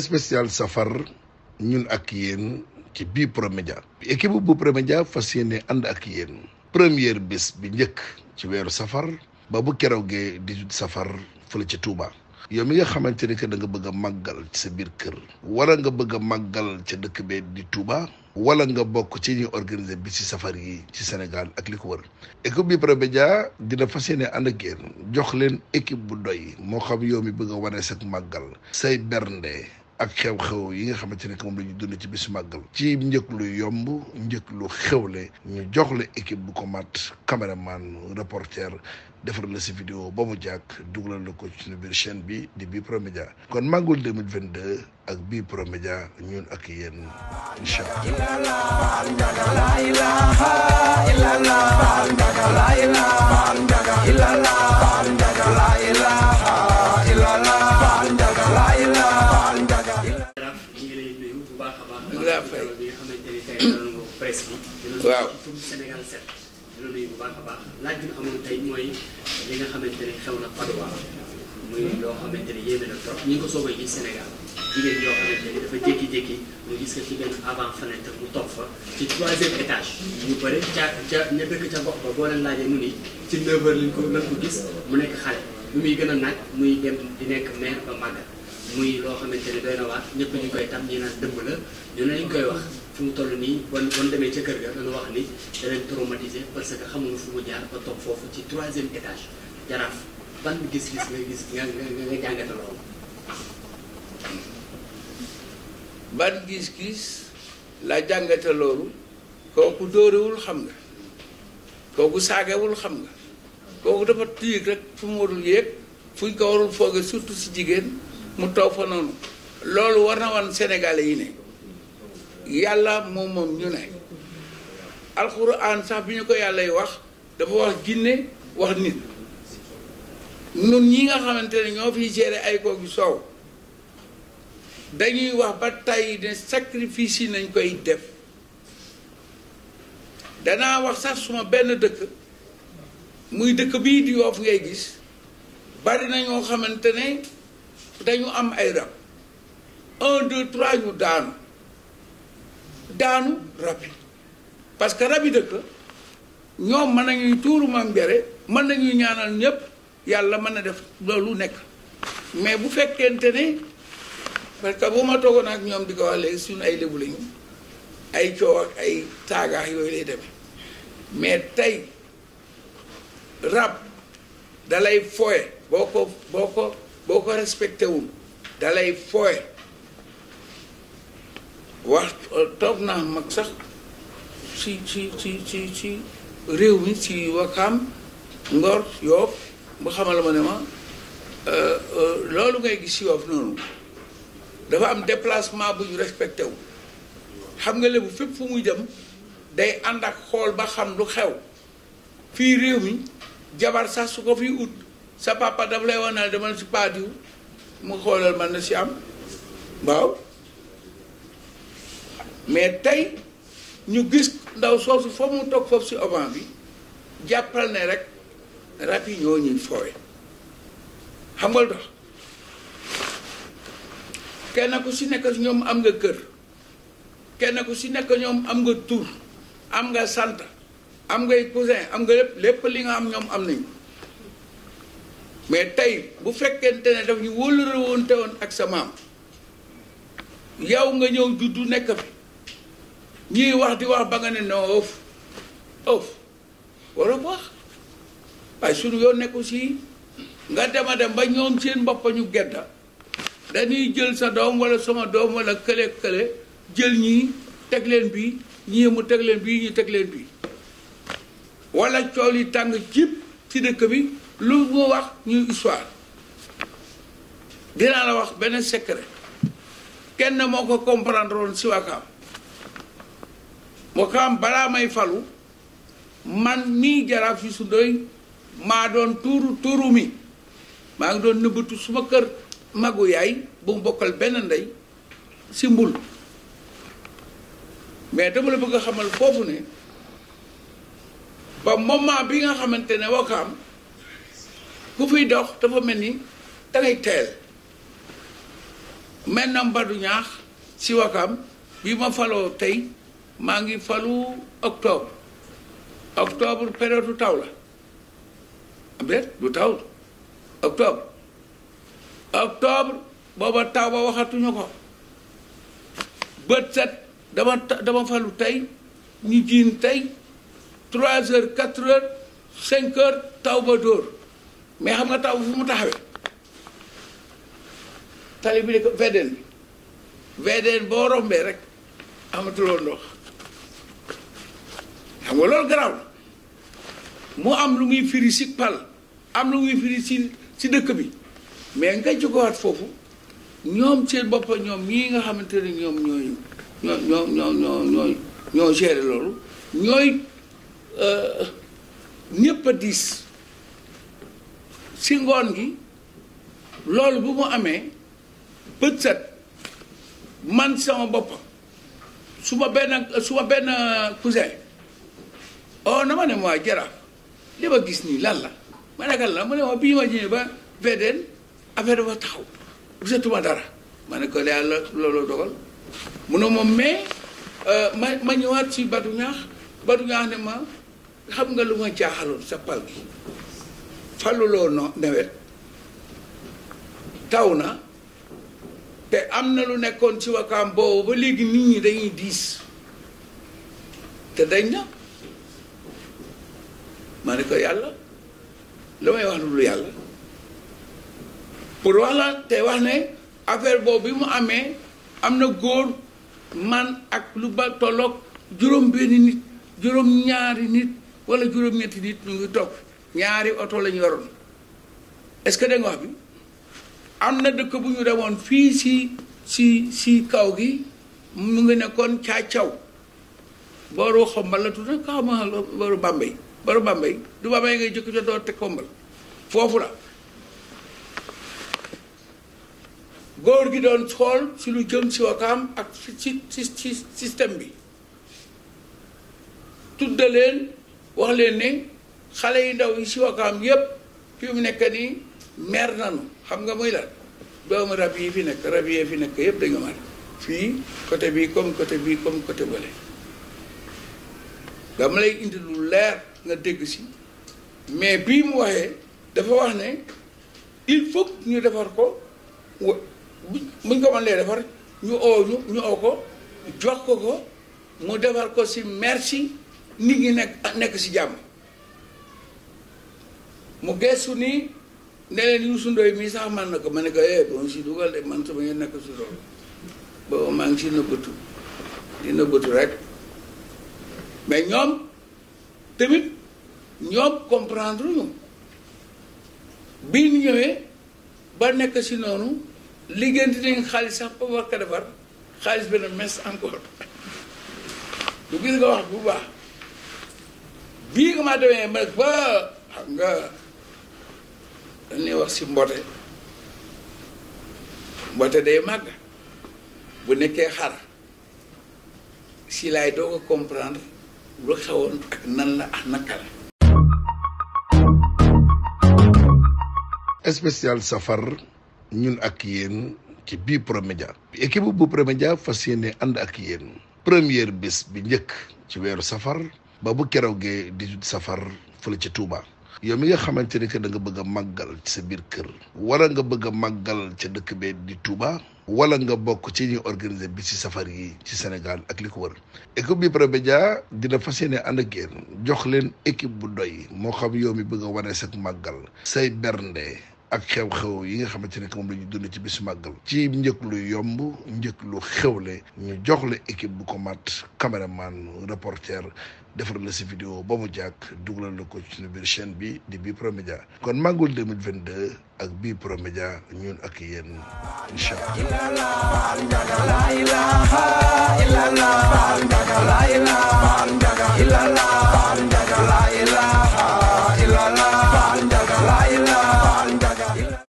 spécial safar ñun ak yéen ci bii promédia équipe bu promédia fas yéene ànd ak yéen première bés bi njëkk ci weeru safar ba bu keroogee di safar fële ci Touba. yow mi nga xamante ni que da nga bëgg a màggal ci sa biir kër wala nga bëgg a màggal ca dëkk bee di Touba wala nga bokk ci ñuy organiser bi ci safar yi ci Sénégal ak li ko wër équipe bi Promedia dina fas yéene ànd ak yéen jox leen équipe bu doy moo xam yow mi bëgg a wane sa màggal say bernde ak xew-xew yi nga xamante ne moom la ñu ci bis màggal ci njëkk lu yomb njëkk lu xewle ñu jox la équipe bu ko mat caméraman reporter defar la si vidéo ba mu jàkk dugalal la ko ci suñu biir chaîne bi di Bi Pro Média kon màggul 2022 ak Bi Pro Média ñun ak yéen incha allah presse bi. waaw Sénégal 7. bu baax a baax laaj bi nga amoon tey mooy li nga xamante ne xew na Patte d'Oie muy loo xamante ne yéeme na trop ñi ko soog a gis Sénégal jigéen yoo xamante ne dafa gis ko ci benn avant fenêtre mu toog fa ci troisième étage. ñu bëri ca ca ña dëkk ca gox boo leen laajee mu ni ci 9 ko lañ gis mu nekk xale bi muy gën a naaj muy dem di nekk maire ba màggat muy loo xamante ne doy na waar ñu koy tam ñi naan dëmb la ñu ne lañ koy wax. fi mu toll nii bon bon demee ca kër ga dañu wax ni da parce que xamuñu fu mu jaar ba toog foofu ci troisième étage jaraaf ban gis-gis nga gis nga nga nga jàngate loolu. ban gis-gis laa jàngate loolu kooku dóorewul xam nga kooku saagewul xam nga kooku dafa tiig rek fu mu warul yépp fu ñu ko surtout si jigéen mu toog fa noonu loolu war na wan Sénégalais yi ne. yàlla moom moom ñu ne alxuraan sax bi ñu ko yàllay wax dafa wax jinne wax nit nun ñi nga xamante ne ñoo fiy géré ay kooku soow dañuy wax ba tey ne sacrifice yi nañ koy def danaa wax sax suma benn dëkk muy dëkk bii di Yoof ngay gis bari na ñoo xamante ne dañu am ay rab un deux trois ñu daanu daanu rab yi parce que rab yi dëkk ñoom mën nañuy tuurumam maam njare mën nañuy ñaanal ñëpp yàlla mën na def loolu nekk mais bu fekkente ne parce que bu ma toogoon ak ñoom di ko wax léegi suñu ay lébu lañu ay coow ay taagaa yooyu lay demee mais tey rab dalay fooye boo ko boo ko boo ko respecté wul dalay fooye wax euh, toog naa mag sax si ci ci ci ci réew mi ci Wakaam Ngor Yoof ba xamal ma ne ma euh, euh, loolu ngay gis ci Yoof noonu dafa am déplacement bu ñu respecté wu xam nga lebu fépp fu muy dem day ànd ak xool ba xam lu xew fii réew mi jabar sax su ko fi ut sa papa daf lay wan naa demal ci paadiw mu xoolal man na si am waaw mais tey ñu gis ndaw soosu fa mu toog foofu si avant bi jàppal ne rek rab yi ñoo ñuy foowe xam nga dox kenn ku si nekk ñoom am nga kër kenn ku si nekk ñoom am nga tur am nga sant am ngay cousin am nga lépp lépp li nga am ñoom am nañu mais tey bu fekkente ne daf ñu wóolu woon te woon ak sa maam yow nga ñëw juddu nekk fi ñuy wax di wax ba nga ne non oof oof warul wax waaye sunu yoon nekk aussi nga dema dem ba ñoom seen bopp ñu gedda dañuy jël sa doom wala sama doom walla kële kële jël ñi teg leen bii ñii mu teg leen bii ñu teg leen bii wala cool yi tàng jib ci dëkk bi lu mu wax ñu histoire dinaa la wax benn secret kenn moo ko comprendre si Wakaam moo xam balaa may falu man mii jaraaf Youssou Ndoye maa doon tuuru tuuru mi maa ngi doon nëbbatu suma kër magu yaay bu mu bokkal benn ndey si mbul mais dama la bëgg xamal foofu ne ba moment bi nga xamante ne Wakaam ku fiy dox dafa mel ni dangay teel mel na mbadu ñaax si Wakaam bi ma faloo tey maa ngi falu octobre octobre période taw la am déet taw octobre octobre booba taw ba waxatuñu ko bët set dama falu tey ñu jiin tey trois heures quatre heures cinq heures taw ba dóor mais xam nga taw fu mu taxawee tali bi di ko VDN bi VDN boo rombee rek amatuloo ndox xam nga loolu garaaw mu am lu muy firi si pal am lu muy firi si dëkk bi mais nga jógewaat foofu ñoom seen boppa ñoom ñii nga xamante ne ñoom ñoo ñoo ñoo ñoo loolu ñooy euh, ñëpp a diis si ngoon gi loolu bu mu amee bët set man sama bopp su ma benn su oh ah. na ah. eh, ma ne ma jaraaf li ma gis nii lan la ma ne la mu ne ma bii ma ñëwee ba affaire dafa taxaw gisatuma ma ne ko yàlla ñëwaat si batu ñaax ne ma xam nga lu ma jaaxaloon sa pal gi faluloo no nawet taw na te am na lu nekkoon ci wakaam boobu ba léegi nit ñi dañuy diis te dañ na ma ne ko yàlla la may wax lu yàlla pour wax la te wax ne affaire boobu bi mu amee am na góor man ak lu ba tolloog juróom benni nit juróom ñaari nit wala juróom ñetti nit ñu ngi toog ñaari oto lañu yoroon est-ce que da nga wax bi am na dëkk bu ñu demoon fii si si si kaw gi mu ngi nekkoon caacaw booru xombal la tudd xaw ma booru Bambey baru Bambey du Bambey ngay jëkk ca door te kombal foofu la góor gi doon xool si lu jëm si wakaam ak si si si système bi tudda leen wax leen ne xale yu ndaw yi si wakaam mu nekk nii mer nanu xam nga muy lan doomu rab yi fi nekk rab yi fi nekk yépp dañu mar fii côté bi comme côté bi comme côté bële dama lay indi lu leer nga dégg si mais bii mu waxee dafa wax ne il faut ñu defar ko wa buñ ko mën lee defar ñu oo ñu oo ko jox ko ko mu defar ko si merci nit ñi nekk nekk ci jàmm mu gestu nii ne leen Youssou Ndoye mii sax man na ko ma ne ko eh bon si dugal de man sama ngeen nekk si loolu boobu maa ngi si nëbbatu di nëbbatu rek mais ñoom tamit ñoom comprendre ñu bii ñu ñëwee ba nekk si noonu liggéenti nañ xaalis sax ba war xaalis bi na mes encore lu gis nga wax bu baax bii nga maa demee ma ba xam nga dañuy wax si mbote mbote day màgg bu nekkee xar si laay doo ko comprendre lu xewoon nan la ak naka la safar ñun ak yéen ci bii promédia équipe bu promédia fas yéene ànd ak yéen première bés bi njëkk ci weeru safar babu bu keroog gee 18 safar fële ci Touba yow mi nga xamante ni que da nga bëgg a màggal ci sa biir kër wala nga bëgg a màggal ca dëkk bee di Touba wala nga bokk ci ñuy organiser bi ci safar yi ci Sénégal ak li ko wër équipe bi Promedia dina fas yéene ànd ak yéen jox leen équipe bu doy moo xam yow mi bëgg a wane sa màggal say bernde ak xew-xew yi nga xamante ne moom la ñu dund ci bis màggal ci njëkk lu yomb njëkk lu xewle ñu jox la équipe bu ko mat caméraman reporter defaral la si vidéo ba mu jàkk dugalal la ko ci suñu biir chaîne bi di Bprod Media kon màggul 2022 ak Bprod Media ñun ak yéen incha allah.